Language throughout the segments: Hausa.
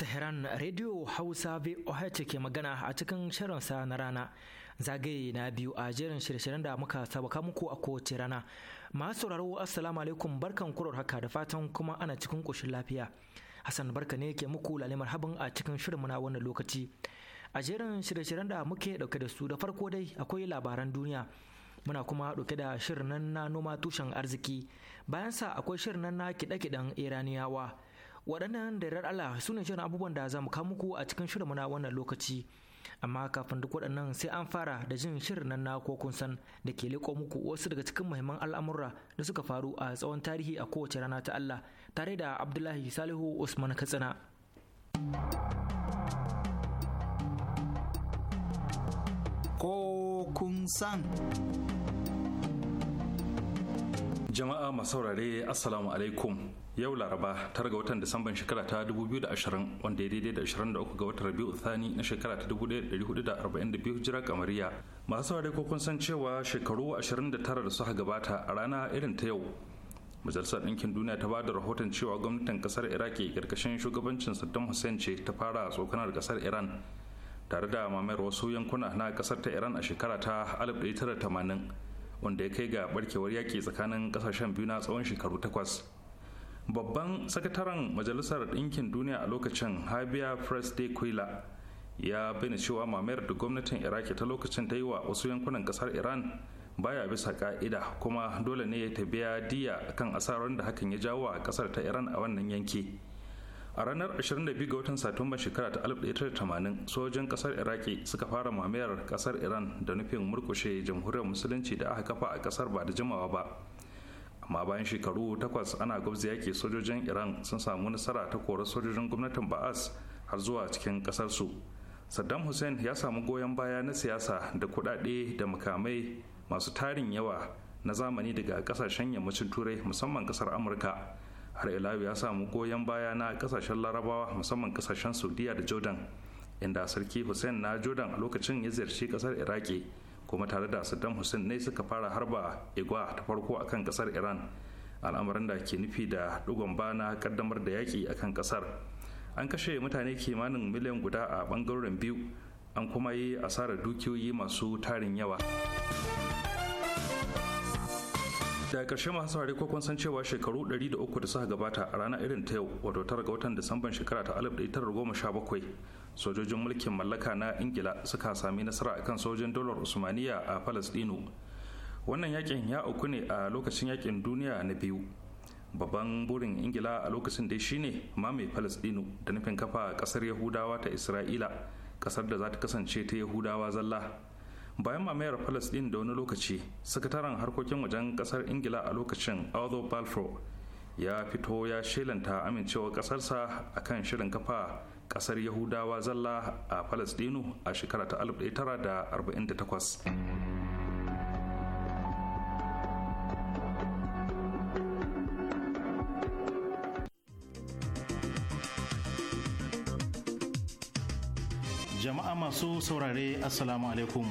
Tehran Radio Hausa VOH ke magana a cikin shirinsa na rana zagaye na biyu a jerin shirye-shiryen da muka sabaka muku a kowace rana. Masu sauraro Assalamu alaikum barkan kurar haka da fatan kuma ana cikin ƙoshin lafiya. Hassan barka ne ke muku lalimar habin a cikin shirin na wannan lokaci. A jerin shirye-shiryen da muke dauke da su da farko dai akwai labaran duniya. Muna kuma dauke da shirin nan na noma tushen arziki. Bayan sa akwai shirin nan na kiɗe-kiɗen Iraniyawa. waɗannan da yarar Allah su ne shirin abubuwan da za mu kawo muku a cikin shirin na wannan lokaci amma kafin duk waɗannan sai an fara da jin shirin nan na ko kun san da ke leƙo muku wasu daga cikin muhimman al'amura da suka faru a tsawon tarihi a kowace rana ta Allah tare da Abdullahi Salihu Usman Katsina. Ko kun san. Jama'a masaurare Assalamu alaikum. yau laraba tar ga watan disamban shekara ta 2020 wanda ya daidai da 23 ga watan rabiu thani na shekara ta 1442 hijira kamariya masu saurari ko kun san cewa shekaru 29 da suka gabata a rana irin ta yau majalisar ɗinkin duniya ta ba da rahoton cewa gwamnatin kasar iraki karkashin shugabancin saddam hussein ce ta fara tsokanar kasar iran tare da mamayar wasu yankuna na kasar ta iran a shekara ta 1980 wanda ya kai ga barkewar yaƙi tsakanin ƙasashen biyu na tsawon shekaru takwas babban sakataren majalisar ɗinkin duniya a lokacin habia presde kuila ya bayyana cewa mamayar da gwamnatin iraki ta lokacin ta yi wa wasu yankunan ƙasar iran baya bisa ka'ida kuma dole ne ta biya diya kan asarar da hakan ya jawo a kasar ta iran a wannan yanki a ranar 22 ga watan satumba shekara ta 1980 sojojin kasar iraki suka fara mamayar kasar iran da nufin murkushe jamhuriyar musulunci da aka kafa a kasar ba da jimawa ba amma bayan shekaru takwas ana gwabza yaƙi sojojin iran sun samu nasara ta korar sojojin gwamnatin ba'as har zuwa cikin ƙasarsu saddam hussein ya samu goyon baya na siyasa da kuɗaɗe da makamai masu tarin yawa na zamani daga ƙasashen yammacin turai musamman ƙasar amurka har ilayu ya samu goyon baya na ƙasashen larabawa musamman ƙasashen saudiya da jordan inda sarki hussein na jordan a lokacin ya ziyarci ƙasar iraki kuma tare da saddam hussein ne suka fara harba igwa ta farko akan kasar iran al'amarin da ke nufi da dugon bana kaddamar da yaƙi akan kasar an kashe mutane kimanin miliyan guda a ɓangaren biyu an kuma yi asarar dukiyoyi masu tarin yawa da ƙarshe masu saurari ko kun san cewa shekaru 300 da suka gabata a ranar irin ta yau wato tara ga watan disamban shekara ta 1917 sojojin mulkin mallaka na ingila suka sami nasara akan sojin dolar usmaniya a palestino wannan yakin ya uku ne a lokacin yakin duniya na biyu babban burin ingila a lokacin dai shine mamaye palestino da nufin kafa kasar yahudawa ta isra'ila kasar da za ta kasance ta yahudawa zalla bayan mamayar palestine da wani lokaci sakataren harkokin wajen kasar ingila a lokacin aldo balfour ya fito ya shelanta amincewa kasarsa akan shirin kafa kasar yahudawa zalla a palestino a shekara ta 1948 jama'a masu saurare assalamu alaikum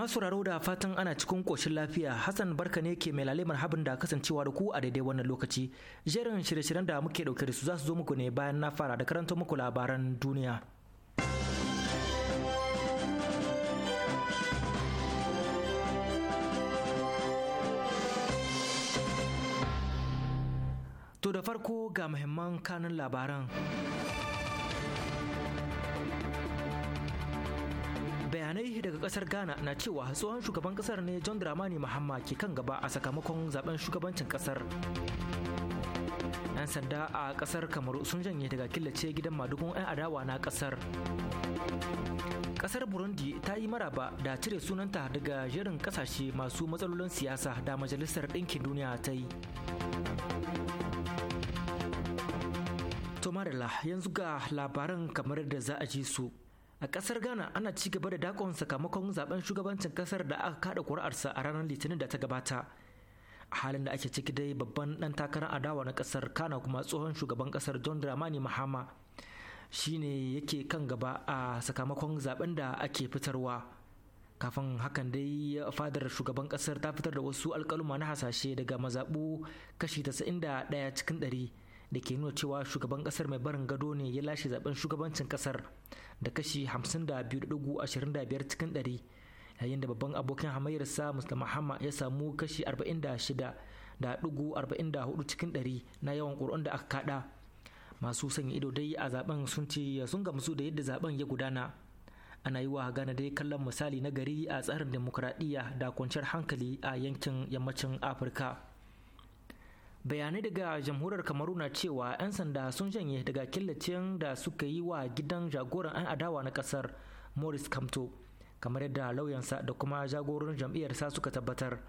masu sauraro da fatan ana cikin koshin lafiya Hassan barka ne ke lalimar habin da kasancewa da ku a daidai wannan lokaci. Jerin shirye-shiryen da muke ɗauke da su za su zo muku ne bayan na fara da karanta muku labaran duniya. To da farko ga muhimman kanun labaran. rahotanni daga kasar ghana na cewa tsohon shugaban kasar ne john dramani mahama ke kan gaba a sakamakon zaben shugabancin kasar yan sanda a kasar kamaru sun janye daga killace gidan madugun 'yan adawa na kasar kasar burundi ta yi maraba da cire sunanta daga jerin kasashe masu matsalolin siyasa da majalisar ɗinkin duniya ta yi tomarila yanzu ga labaran kamar da za a ji su A kasar Ghana ana ci gaba da dakon sakamakon zaben shugabancin kasar da aka kada kuri'arsa a ranar Litinin da ta gabata. A halin da ake ciki dai babban dan takarar adawa na kasar Kana kuma tsohon shugaban kasar John Dramani Mahama shine yake kan gaba a sakamakon zaben da ake fitarwa. Kafin hakan dai fadar shugaban kasar ta fitar da wasu alkaluma na hasashe daga mazaɓu kashi 91 cikin ɗari. da ke nuna cewa shugaban kasar mai barin gado ne ya lashe zaben shugabancin kasar da kashi 52.25 cikin 100 yayin da babban abokin hamayyarsa Mr. Muhammad ya samu kashi 46.44 cikin 100 na yawan ƙuri'un da aka kada masu sanya ido dai a zaben sun ce sun gamsu da yadda zaben ya gudana ana yi wa gane dai kallon misali na gari a tsarin demokuraɗiyya da kwanciyar hankali a yankin yammacin afirka bayanai daga jamhuriyar kamaru na cewa 'yan sanda sun janye daga killacin da suka yi wa gidan jagoran 'yan adawa na kasar morris kamto kamar yadda lauyansa da kuma jagorin jam'iyyarsa suka tabbatar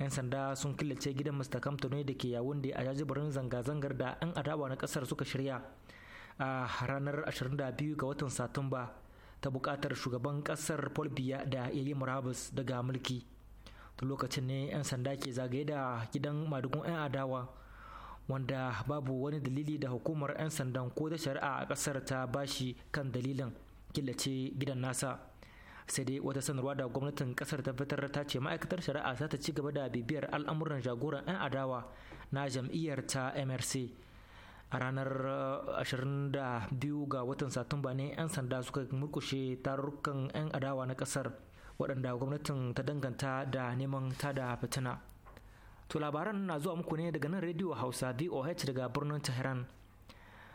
'yan sanda sun killace gidan mr kamto ne da ke yawon da a jajibirin zanga-zangar da 'yan adawa na kasar suka shirya a ranar 22 ga watan satumba ta buƙatar shugaban kasar paul da ya yi murabus daga mulki lokacin ne 'yan sanda ke zagaye da gidan madugun 'yan adawa wanda babu wani dalili da hukumar 'yan sandan ko ta shari'a a kasar ta bashi kan dalilin killace gidan nasa sai dai wata sanarwa da gwamnatin kasar ta fitar ta ce ma'aikatar shari'a za ta ci gaba da bibiyar al'amuran jagoran 'yan adawa na jam'iyyar ta mrc a ranar 22 eh, ga watan satumba ne 'yan sanda suka murkushe tarurrukan 'yan adawa na kasar waɗanda gwamnatin ta danganta da neman tada fitina to labaran na zuwa muku ne daga nan rediyo hausa voh daga birnin tehran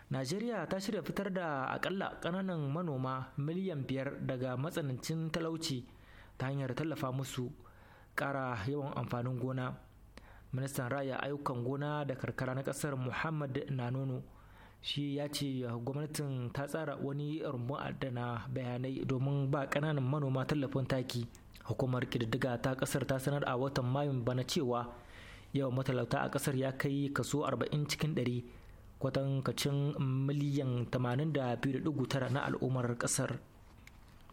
najeriya ta shirya fitar da akalla ƙananan manoma miliyan biyar daga matsanancin talauci ta hanyar tallafa musu ƙara yawan amfanin gona ministan raya ayyukan gona da karkara na ƙasar muhammad nanono shi ya ce ah, gwamnatin ta tsara wani rumbun adana bayanai domin ba ƙananan manoma tallafin taki hukumar ƙididdiga ta kasar ta sanar a watan mayun bana cewa yawan matalauta a kasar ya kai kaso 40 cikin 100 kwatankacin miliyan 82.9 na al'ummar ƙasar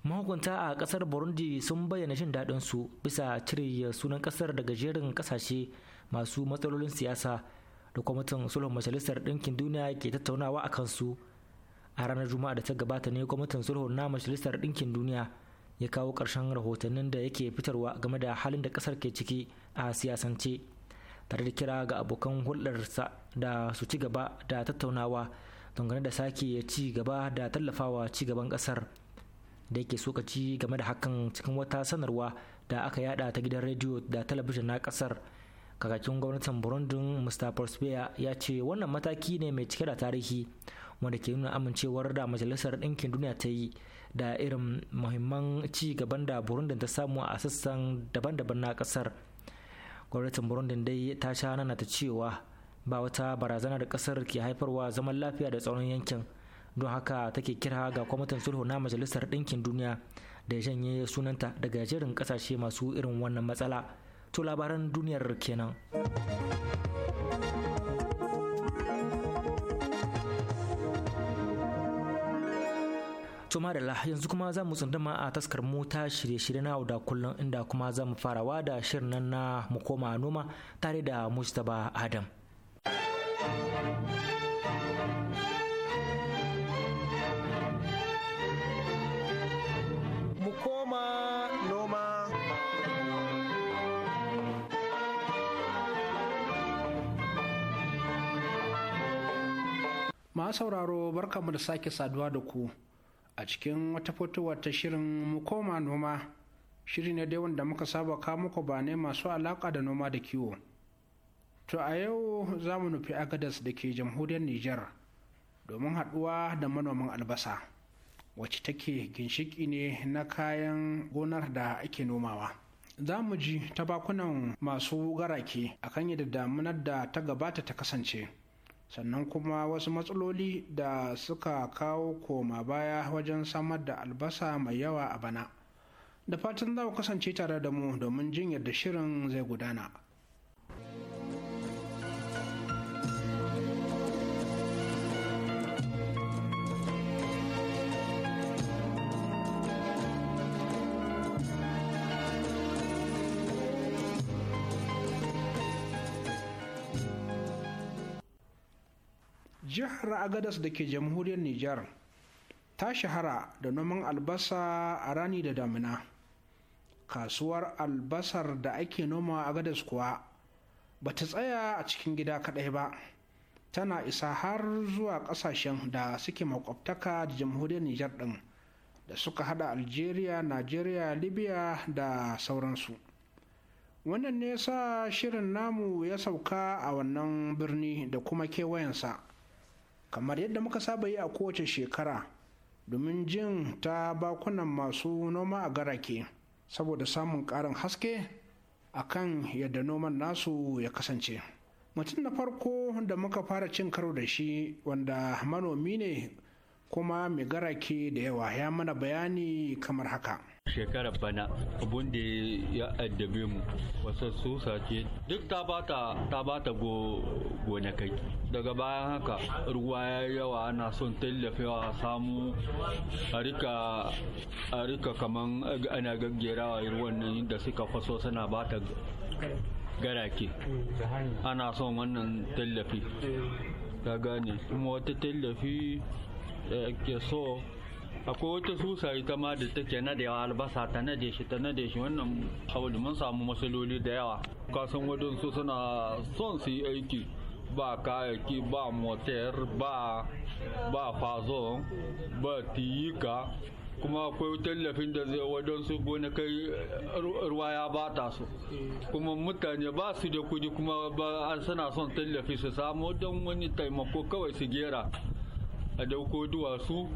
mahukunta a ƙasar burundi sun bayyana jin daɗinsu bisa cire sunan ƙasar daga jerin ƙasashe masu matsalolin siyasa da kwamitin sulhun majalisar ɗinkin duniya ke tattaunawa a kansu a ranar juma'a da ta gabata ne kwamitin sulhun na majalisar ɗinkin duniya ya kawo ƙarshen rahotannin da yake fitarwa game da halin da ƙasar ke ciki a siyasance tare da kira ga abokan hulɗarsa da su ci gaba da tattaunawa dangane da sake ya ci gaba da tallafawa ci gaban ƙasar da yake sokaci game da hakan cikin wata sanarwa da aka yada ta gidan rediyo da talabijin na ƙasar kakakin gwamnatin burundin mustapha spear ya ce wannan mataki ne mai cike da tarihi wanda ke nuna amincewar da majalisar ɗinkin duniya ta yi da irin muhimman ci gaban da burundin ta samu a sassan daban-daban na kasar gwamnatin burundin dai ta sha nana ta cewa ba wata barazana da kasar ke haifarwa zaman lafiya da tsaron yankin don haka take kira ga kwamitin sulhu na majalisar ɗinkin duniya da ya janye sunanta daga jerin kasashe masu irin wannan matsala to labaran duniyar kenan To madalla yanzu kuma za mu tsunduma a taskar mota shirye-shirye na da kullum inda kuma za mu farawa da shirin nan na mu koma noma tare da Mustapha Adam. ma sauraro barkamu da sake saduwa da ku a cikin wata fitowa ta shirin mu koma noma shiri ne dai wanda muka saba ka muku ba ne masu alaka da noma da kiwo to a yau za mu nufi agadas da ke jamhuriyar Nijar, domin haɗuwa da manoman albasa wacce take ginshiki ne na kayan gonar da ake nomawa. za mu ji ta bakunan masu garake akan yadda damunar da ta gabata ta kasance sannan kuma wasu matsaloli da suka kawo koma baya wajen samar da albasa mai yawa a bana da fatan za ku kasance tare da mu domin jin yadda shirin zai gudana. jihar agadas da ke jamhuriyar nijar ta shahara da noman albasa a rani da damina kasuwar albasar da ake noma a agadas kuwa ba ta tsaya a cikin gida kaɗai ba tana isa har zuwa ƙasashen da suke makwabtaka da jamhuriyar nijar ɗin da suka hada algeria nigeria libya da sauransu wannan ne sa shirin namu ya sauka a wannan birni da kuma kewayensa kamar yadda muka saba yi a kowace shekara domin jin ta bakunan masu noma a garake saboda samun ƙarin haske a kan yadda noman nasu ya kasance mutum na farko da muka fara cin karo da shi wanda manomi ne kuma mai garake da yawa ya mana bayani kamar haka shekarar bana abun da ya addabe mu wasu susa ce. duk ta bata ta bata go gonakai daga bayan haka ruwa ya yawa ana son tallafewa samu a rika a kaman ana gaggerawa ruwan nan da suka faso suna bata garake ana son wannan tallafi ta gane kuma wata tallafi ke so akwai wata susa ita ma da take yawa albasa ta nade shi ta nade shi wannan saboda mun samu matsaloli da yawa kasan su suna son su yi aiki ba kayaki ba motar ba ba fazo ba tiyika kuma akwai tallafin da zai gona kai ruwa ya bata su kuma mutane ba su da kudi kuma ba suna son tallafi su samu don wani taimako kawai su gera a dauko duwatsu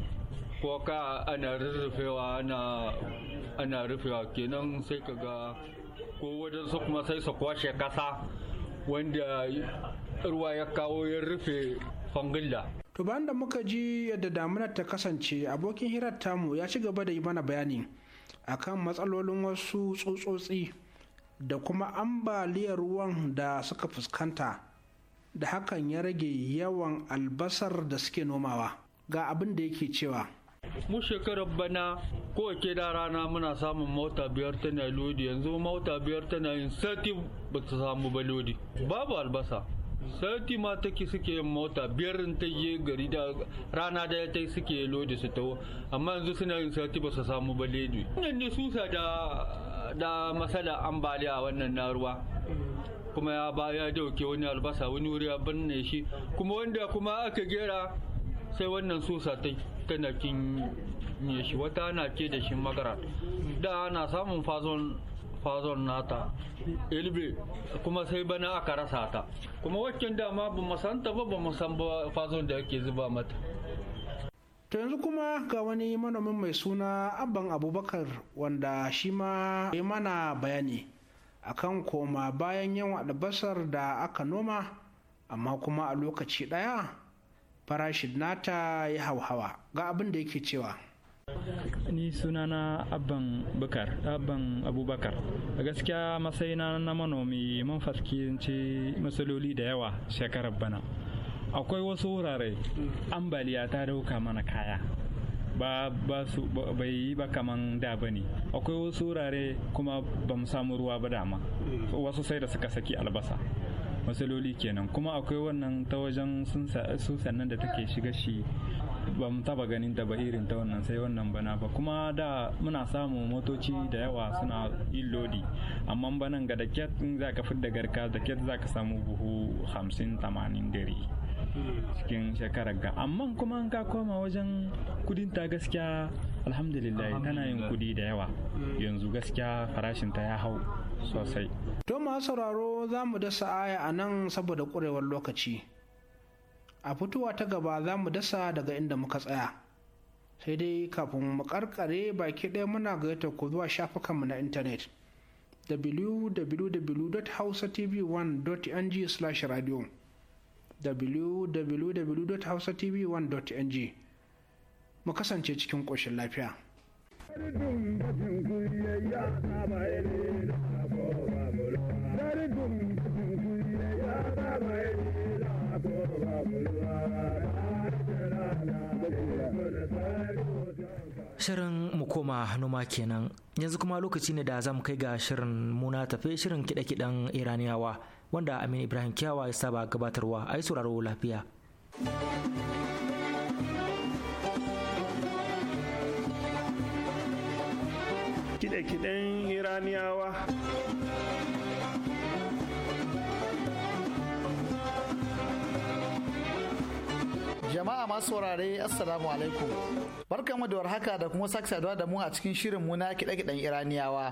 ka ana rurrufewa ana ana rufewa kenan sai ka ga ko su kuma sai su kwashe kasa wanda ruwa ya kawo ya rufe fangilla to bayan da muka ji yadda damuna ta kasance abokin hirar tamu ya ci gaba da yi mana bayani akan matsalolin wasu tsutsotsi da kuma ambaliyar ruwan da suka fuskanta da hakan ya rage yawan albasar da suke nomawa ga abin da yake cewa mu shekarar bana kowace da rana muna samun mota biyar tana lodi yanzu mota biyar tana yin sati ba ta samu ba lodi babu albasa sati ma take suke yin mota biyar ta yi gari da rana da ya ta suke lodi su tawo amma yanzu suna yin sati ba su samu ba lodi wannan ne susa da da masala ambaliya wannan na ruwa kuma ya ba ya dauke wani albasa wani wuri ya binne shi kuma wanda kuma aka gera sai wannan susa ta tana kin ne shi wata ana ke da shi magara da ana samun fazon fazon nata ilbe kuma sai bana aka rasa ta kuma wakin dama ba mu san ta ba ba san ba fazon da ake zuba mata to yanzu kuma ga wani manomin mai suna abban abubakar wanda shi ma ya mana bayani akan koma bayan yawan albasar da aka noma amma kuma a lokaci ɗaya farashin nata ya hauhawa ga abin da yake cewa ni sunana abban bukar abban abubakar a gaskiya matsayina na na manomi mun fasikinci matsaloli da yawa shekarar bana akwai wasu wurare ambaliya ta dauka mana kaya ba ba su bai yi ba kaman da ba ne akwai wasu wurare kuma ba mu samu ruwa ba dama wasu sai da suka saki albasa matsaloli kenan kuma akwai wannan ta wajen susan nan da take shiga shi ba mu taba ganin da ba irin ta wannan sai wannan bana ba kuma da muna samu motoci da yawa suna yin lodi amma banan ga da ket za ka fidda garka da ket za ka samu buhu hamsin tamanin dare cikin shekarar ga amma kuma ka koma wajen kudin ta gaskiya alhamdulillah tana yin kudi da yawa yanzu gaskiya farashinta ya hau sosai to masu sauraro za mu dasa aya a nan saboda ƙurewar lokaci a fitowa ta gaba za mu dasa daga inda muka tsaya sai dai kafin mu karkare baki ɗaya muna gayyata ku zuwa shafukanmu na intanet www.hausatv1.ng/radio www.hausatv1.ng mu kasance cikin ƙoshin lafiya. Shirin mu koma noma kenan yanzu kuma lokaci ne da zamu kai ga shirin muna tafe shirin kiɗe-kiɗen Iraniyawa wanda Amin Ibrahim kyawa ya saba gabatarwa a yi sauraro lafiya. Kiɗe-kiɗen Iraniyawa Jama'a masu saurare Assalamu alaikum. mu da warhaka da kuma sake saduwa da mu a cikin shirin mu na kiɗe-kiɗen Iraniyawa.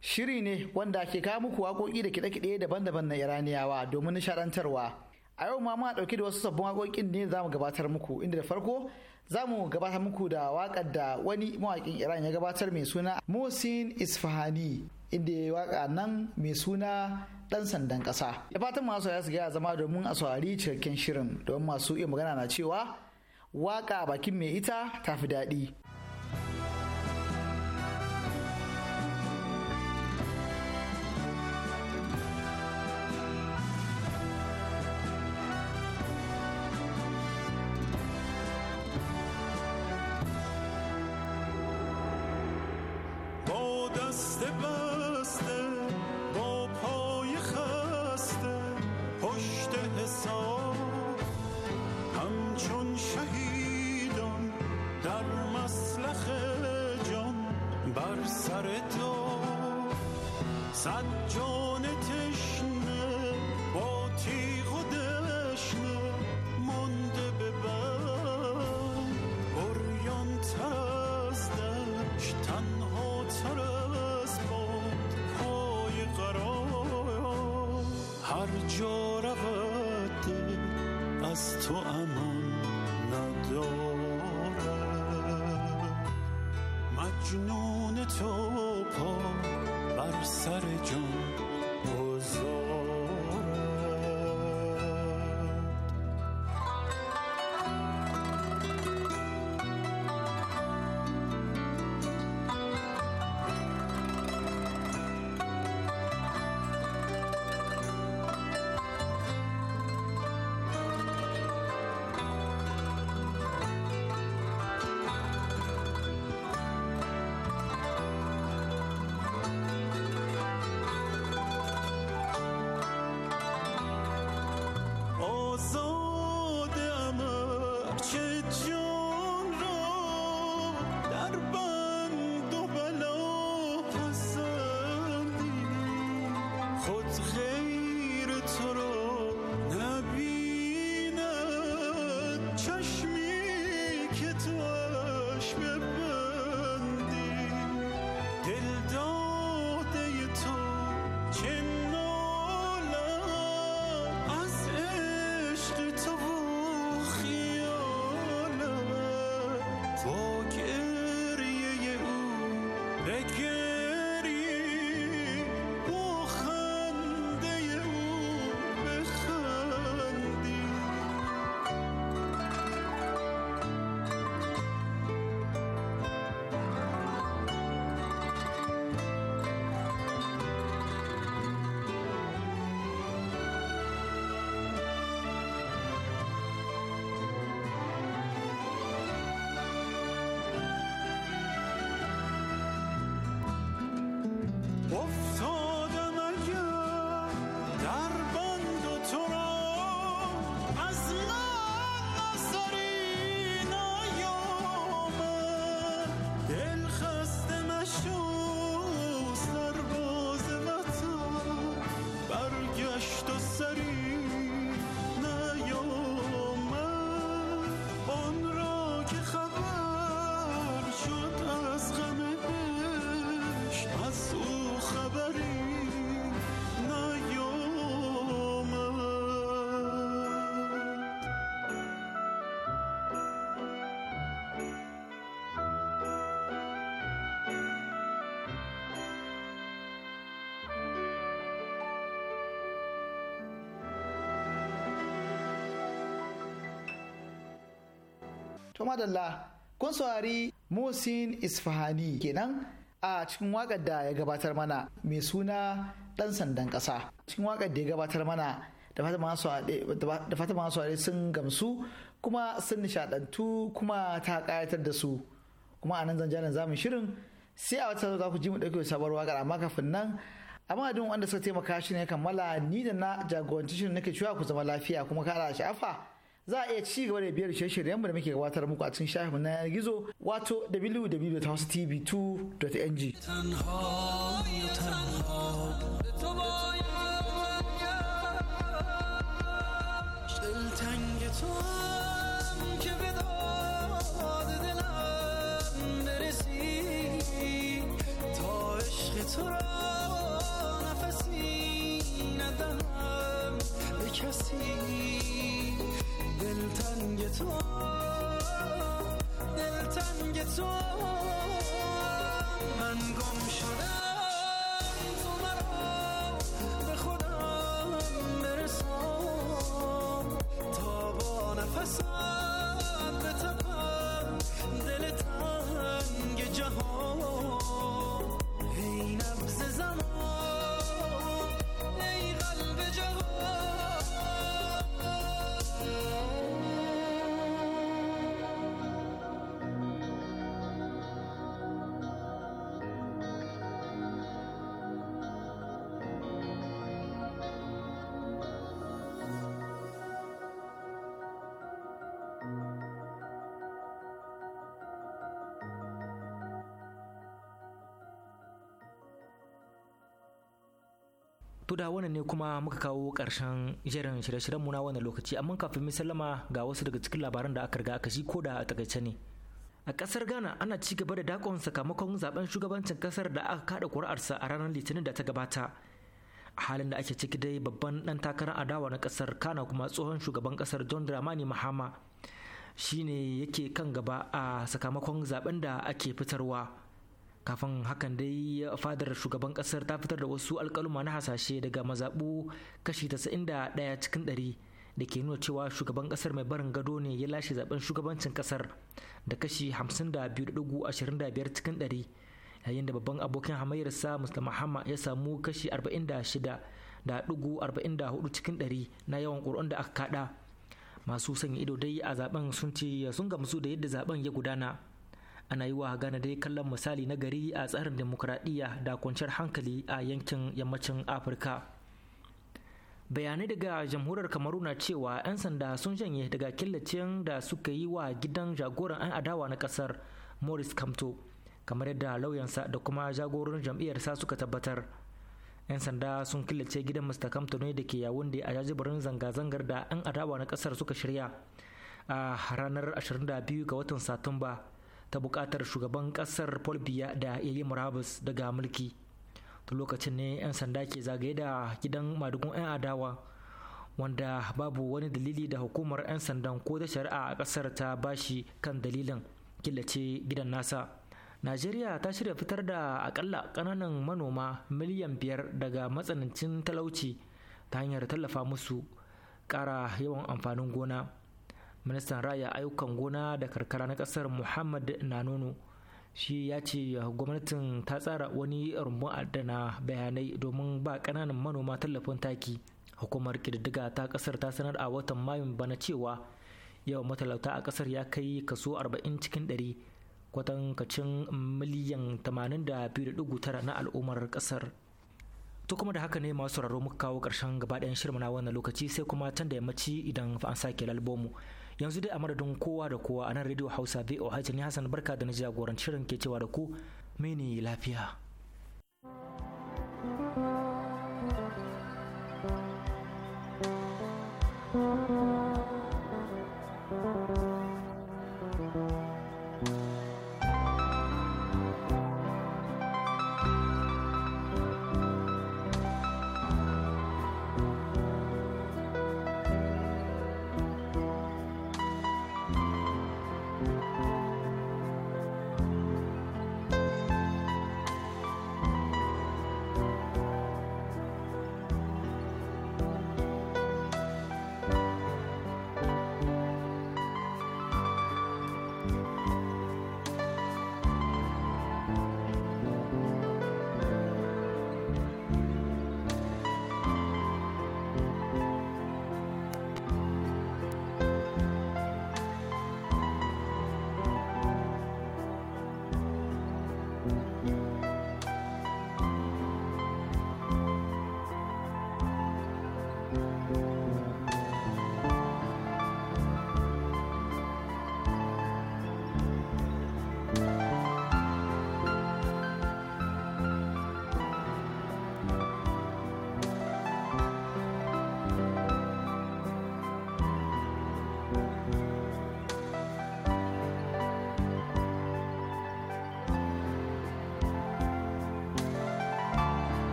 Shiri ne wanda ke kawo muku waƙoƙi da kiɗe-kiɗe daban-daban na Iraniyawa domin nishaɗantarwa. A yau ma muna ɗauke da wasu sabbin waƙoƙin ne za mu gabatar muku inda da farko za mu gabatar muku da wakar da wani mawaƙin Iran ya gabatar mai suna Musin Isfahani inda ya yi waka nan mai suna dan sandan kasa Ya fatan masu ya su gaya zama domin a saurari cikakken shirin don masu iya magana na cewa waka bakin mai ita tafi daɗi. سر جون to madalla kun saurari musin isfahani kenan a cikin wakar da ya gabatar mana mai suna dan sandan kasa cikin wakar da ya gabatar mana da fata masu saurari sun gamsu kuma sun nishadantu kuma ta kayatar da su kuma a nan zanjanin zamun shirin sai a wata za ku ji mu ɗauke sabuwar wakar amma kafin nan amma duk wanda suka taimaka shi ne kammala ni da na jagoranci shirin nake cewa ku zama lafiya kuma kara sha'afa za a iya ci gaba da biyar shirye-shiryenmu da muke gabatar muku a cikin shafin na yanar gizo wato www.tv2.ng تو To da wannan ne kuma muka kawo karshen jerin shirye-shiryen muna wannan lokaci amma kafin mu sallama ga wasu daga cikin labaran da aka riga aka ji ko da a takaice ne. A ƙasar Ghana ana ci gaba da dakon sakamakon zaben shugabancin kasar da aka kada kuri'arsa a ranar Litinin da ta gabata. A halin da ake ciki dai babban dan takarar adawa na kasar Kana kuma tsohon shugaban ƙasar John Dramani Mahama shine yake kan gaba a sakamakon zaben da ake fitarwa. kafin hakan dai fadar shugaban kasar ta fitar da wasu alkaluma na hasashe daga mazaɓu kashi 91 cikin 100 da ke nuna cewa shugaban kasar mai barin gado ne ya lashe zaben shugabancin kasar da kashi 52.25 cikin 100 yayin da babban abokin hamayyarsa musta mahama ya samu kashi 46.44 cikin 100 na yawan ƙuri'un da aka kada masu sanya ido dai a zaben sun ce sun gamsu da yadda zaben ya gudana ana yi wa gana dai kallon misali na gari a tsarin demokuraɗiyya da kwanciyar hankali a yankin yammacin Afirka. Bayanai daga jamhuriyar Kamaru na cewa 'yan sanda sun janye daga killacin da suka yi wa gidan jagoran 'yan adawa na kasar Morris Kamto, kamar yadda lauyansa da kuma jagoran jam'iyyarsa suka tabbatar. 'yan sanda sun killace gidan Mr. Kamto ne da ke yawon da a jajibirin zanga-zangar da 'yan adawa na kasar suka shirya a ranar 22 ga watan Satumba ta buƙatar shugaban ƙasar polbiya da ya yi murabus daga mulki. Tun lokacin ne 'yan sanda ke zagaye da gidan madugun 'yan adawa wanda babu wani dalili da hukumar 'yan sandan ko ta shari'a a ƙasar ta bashi kan dalilin killace gidan nasa. Najeriya ta shirya fitar da akalla ƙananan manoma miliyan biyar daga matsanancin talauci ta hanyar tallafa musu kara yawan amfanin gona. ministan raya ayyukan gona da karkara na kasar muhammad nanono shi ya ce gwamnatin ta tsara wani rumbun adana bayanai domin ba kananan manoma tallafin taki hukumar kididdiga ta kasar ta sanar a watan mayun bana cewa yawan matalauta a kasar ya kai kaso 40 cikin 100 kwatankacin miliyan 82.9 na al'ummar kasar to kuma da haka ne masu raro muka kawo karshen gabaɗayan shirma na wannan lokaci sai kuma can da yammaci idan an sake lalbomu yanzu dai a madadin kowa da kowa a nan radio hausa voh ne hassan barka da na jagoran shirin ke cewa da ku mene lafiya